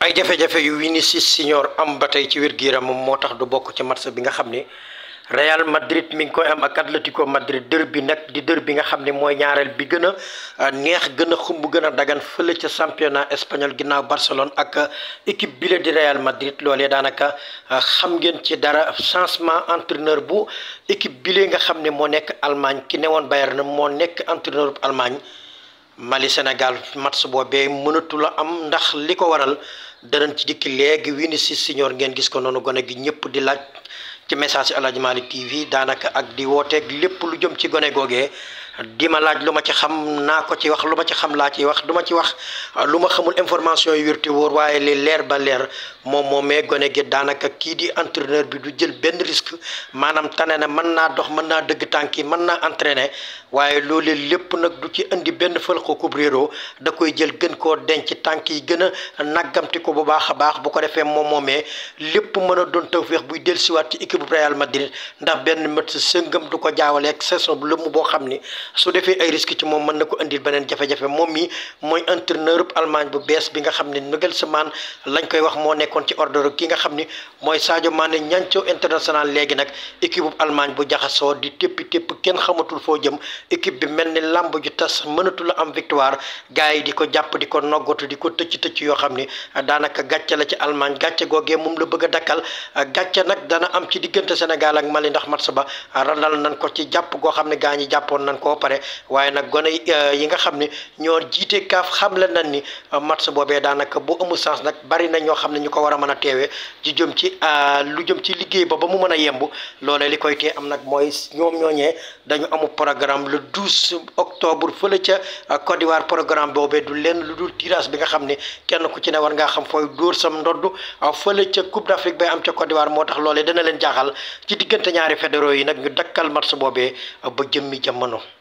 ay jafe-jafe yu Vinicius Junior am ba tey ci wér-gu-yaramam moo tax du bokk ci match bi nga xam ni Real Madrid mi ngi koy am ak Atlético Madrid derby nag di derby nga xam ne mooy ñaareel bi gën a neex gën a xumb gën a dagan fële ca championnat espagnol ginnaaw Barcelone ak équipe bile di Real Madrid loolee daanaka xam ngeen ci dara changement entraîneur bu équipe bile nga xam ne moo nekk Allemagne ki newoon na moo nekk entraîneur bu Allemagne. Mali Sénégal match boobee mënatu la am ndax li ko waral danañ ci dikk léegi Vinicius Junior ngeen gis ko noonu gone gi ñëpp di laaj ci message yi Aladji Malick TV daanaka ak di wooteeg lépp lu jëm ci gone googee di ma laaj lu ma ci xam naa ko ci wax lu ma ci xam laa ci wax du ci wax lu ma xamul information yu wér te waaye li leer ba leer moom moomee gone gi daanaka kii di entreneur bi du jël benn risque maanaam tane na mën naa dox mën naa dëgg tànk yi mën naa entraîner waaye loolu lépp nag du ci indi benn fël fëlxu kubréero da koy jël gën koo denc tànk yi gën a naggamti ko bu baax a baax bu ko defee moom moomee lépp mën a doon tawféex buy dellusiwaat ci équipe Real Madrid ndax benn match sëngam du ko jaawale ak saison bu boo xam ni su defee ay risque ci moom mën na ko indi beneen jafe-jafe moom mii mooy entraîneur Allemagne bu bees bi nga xam ne Nagelsmann lañ koy wax moo nekkoon ci ordre ki nga xam ni mooy Sadio Mané ñancoo international léegi nag équipe bu Allemagne bu jaxasoo di téppi tépp kenn xamatul foo jëm équipe bi mel ni làmb ju tas mënatul la am victoire gars yi di ko jàpp di ko noggatu di ko tëcc tëcc yoo xam ni daanaka gàcce la ci Allemagne gàcce googee moom la bëgg a dakkal gàcce nag dana am ci diggante Sénégal ak Mali ndax match ba randal nañ ko ci jàpp goo xam ne gaa ñi jàppoon nañ ko pare waaye nag gone euh, yi nga xam ne ñoo jiite kaaf xam la nan ni euh, match boobee daanaka boo amul sens nag bari na ñoo xam ne ñu ko war a mën a teewee di jëm ci euh, lu jëm ci liggéey ba ba mu mën a yemb loole li koy tee am nag mooy ñoom ñooñee dañu amu programme le 12 octobre fële ca Côte d'Ivoire programme boobee du lenn lu dul tirage bi nga xam ne kenn ku ci ne war ngaa xam fooy dóor sam ndodd fële ca Coupe d'Afrique bay am ca Côte d'Ivoire moo tax loolee dana leen jaaxal ci diggante ñaari fédéraux yi nag ñu dakkal match boobee ba jëmmi jamono